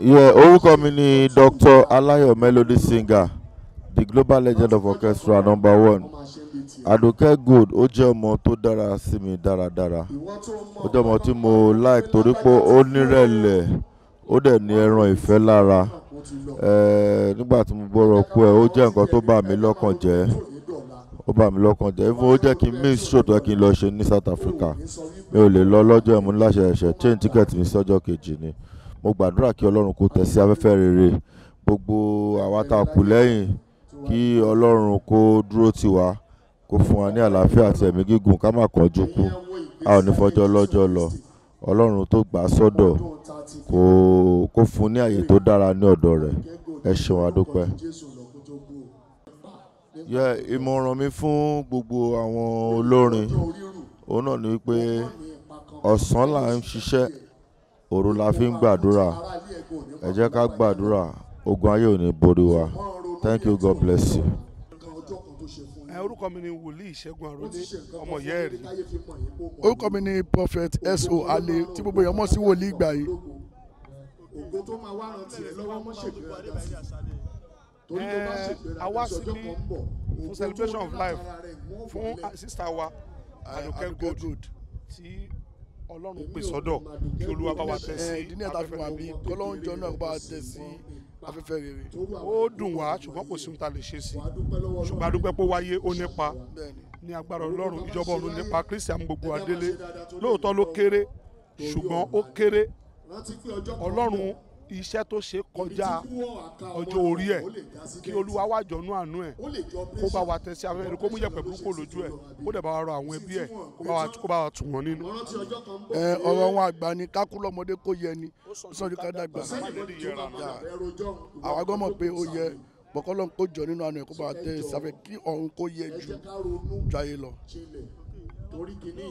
Yeah, orúkọ mi ni Dr. Alayo Melody Singer, the global legend of orchestra number one. Àdùkẹ́ Gold ó jẹ́ ọmọ tó dára sí mi dáradára. Ó jẹ́ ọmọ tí mo like torí pé ó nírẹ̀lẹ̀, ó dẹ̀ ní ẹran ìfẹ́ lára. Nígbà tí mo gbọ́rọ̀ kú ẹ̀, ó jẹ́ nǹkan tó bà mí lọ́kàn jẹ́ ó bà mí lọ́kàn jẹ́ ó jẹ́ kí n miss show tó yẹ kí n lọ ṣe ní South Africa mi ò lè lọ lọ́jọ́ ẹ̀ mú láṣẹ ẹ̀ṣẹ̀ change ticket mi sọ́jọ́ kejì ni mo gbàdúrà kí ọlọ́run kó tẹ̀ sí afẹ́fẹ́ rere gbogbo àwa tá a kù lẹ́yìn kí ọlọ́run kó dúró tì wá kó fún wa ní àlàáfíà àti ẹ̀mí gígùn ká má kánjú kú a ò ní fọjọ́ lọ́jọ́ lọ ọlọ́run tó gbà á sọ́dọ̀ kó fún ní àyè tó dára ní ọ̀dọ̀ rẹ̀ ẹ ṣeun adúpẹ́. ìmọ̀ràn mi fún gbogbo àwọn olórin òun náà ni wípé ọ̀sán là ń ṣiṣẹ́ òru la fi ń gbàdúrà ẹ jẹ́ ká gbàdúrà ogun ayé ò borí wa thank you God bless you. orúkọ mi ni wòlíì ṣẹ́gun àròlé ọmọ ìyá ẹ̀rí. orúkọ mi ni prophet S.O. Ale tí gbogbo èèyàn mọ̀ sí wòlíì ìgbà yìí. ògo tó máa wá rántí ẹ lọ́wọ́ mọ́ ṣègbè rẹ̀ torí tó bá ṣègbè rẹ̀ fún celebration of life fún sister wa Àdùkẹ́ Gold tí ọlọ́run pè sọ́dọ̀ kí olúwa bá wa tẹ̀ sí ìdí ní ẹ̀ta fi wà bí kọ́lọ́hún jọ náà bá tẹ̀ sí afẹ́fẹ́ rere. ó dùn wá ṣùgbọ́n kò sí ohun tá a lè ṣe sí ṣùgbọ́n a pé ó wáyé ó nípa ní agbára ọlọ́run ìjọba ọ̀run nípa kristi amúgbogbo adélé lóòótọ́ ló kéré ṣùgbọ́n ó kéré ọlọ́run iṣẹ́ tó ṣe kọjá ọjọ́ orí ẹ̀ kí olúwa wá jọ̀nú àánú ẹ̀ kó bá wa tẹ̀sí afẹ́fẹ́ rẹ̀ kó mú yẹ̀pẹ̀ burúkú lójú ẹ̀ kó dẹ̀ bá wa rọ àwọn ẹbí ẹ̀ kó bá wa tù wọ́n nínú. ẹ ọ̀rọ̀ wọn àgbà ni kákú lọ́mọdé kó yẹ ni sọ́ọ́dún ká dàgbà àwa gbọ́ pé ó yẹ bọ̀kọ́lọ́ kó jọ nínú àánú ẹ̀ kó bá wa tẹ̀ sáfẹ́ kí ọ̀run kó yẹ ju jayé lọ. torí kìíní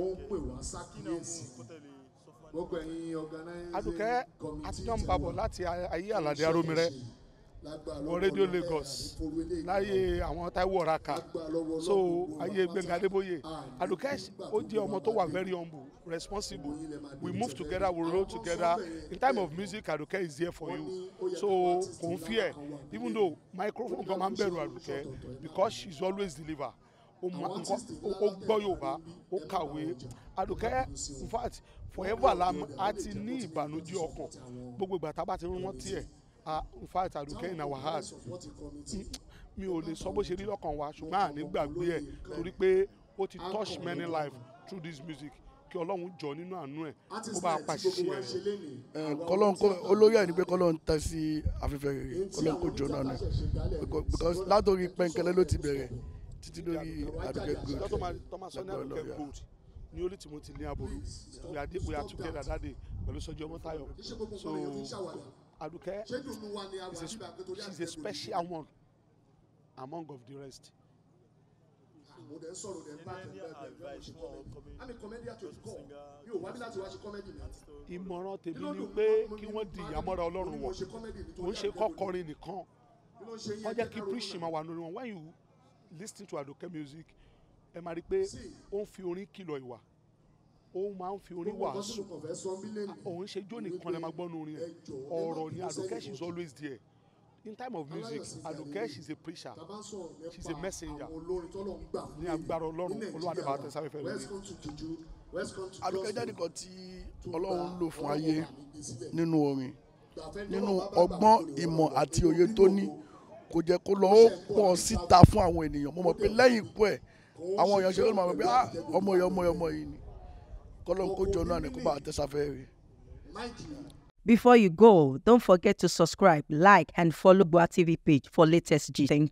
ó ń pè wá sákìyèsí gbogbo ẹ̀yin organizing Adùkẹ́ àtijọ́ ń babọ̀ láti ayé àlàdé arómirẹ́ wọ rédíò Lagos láyé àwọn so ayé Gbẹ̀ngà Adébóyè ah, Adùkẹ́ ó jẹ́ ọmọ tó wà very humble responsible we move together we roll together in time of music Adùkẹ́ is there for you so kò ń fear even though microphone gan máa ń bẹ̀rù Adùkẹ́ because she is always deliver ó mọ nǹkan ó gbọ́ yorùbá ó kàwé àdùkẹ́ in forever la a ti ní ìbànújẹ́ ọkàn gbogbo ìgbà tá a bá ti rún tiẹ̀ in fact in our heart mi ò lè sọ bó ṣe rí lọ́kàn wa ṣùgbọ́n àní ẹ̀ torí pé ó ti touch many life through this music kí ọlọ́run jọ nínú àánú ẹ̀ kó bá eh, a pàṣẹ ẹ̀. kọlọ́n kọ olórí ẹ̀ pé kọlọ́n tẹ sí afẹ́fẹ́ rere kọlọ́n kó jọ náà nù because látòrí pẹ́ńkẹ́lẹ́ ló ti bẹ̀rẹ̀ títí lórí Aduke Gold lọ́pọ̀lọpọ̀ yà ní olú tí mo ti ní aboru we are together that day pẹ̀lú sọ́jọ́ mọ́tayọ̀ so Aduke a she is a special one among of the rest. mo ń sọ̀rọ̀ dẹ̀ ń bá tẹ̀ bẹ́ẹ̀ bẹ́ẹ̀ ṣe kọ́mẹ́dì àmì kọ́mẹ́dì àti olùkọ́ mi ò wá bí láti wá ṣe kọ́mẹ́dì mi. ìmọ̀ràn tèmi ni pé kí wọ́n di ìyàmọ́ra ọlọ́run wọ̀ kò ń ṣe kọ́kọrin nìkan wọ́n jẹ́ kí preaching wà nínú wọn when you listening to Àdùkẹ́ music ẹ máa rí i pé ó ń fi orin kìlọ̀ ìwà ó máa ń fi orin wàásù òun ṣe jó nìkan lè gbọ́nu orin ẹ̀ ọ̀rọ̀ ni Àdùkẹ́ is always there in time of music Àdùkẹ́ she is a preacher she is a messenger ní agbára Ọlọ́run olúwadébà àtẹ̀sáfẹ́fẹ́ rẹ̀ Àdùkẹ́ jáde kan tí Ọlọ́run lò fún ayé nínú orin nínú ọgbọ́n ìmọ̀ àti òye tó ní kò jẹ́ kó lọ ó pọ̀ síta fún àwọn ènìyàn mo mọ̀ pé lẹ́yìn ikú ẹ̀ àwọn èèyàn ṣe ló máa mọ̀ pé ah, ọmọ yìí ọmọ yìí ọmọ yìí ni kọ́lọ́n kó jọ náà ni kó bá àtẹ̀sáfẹ́ rẹ̀. Before you go, don't forget to subscribe, like, and follow Gboah TV page for latest gist. Thank you.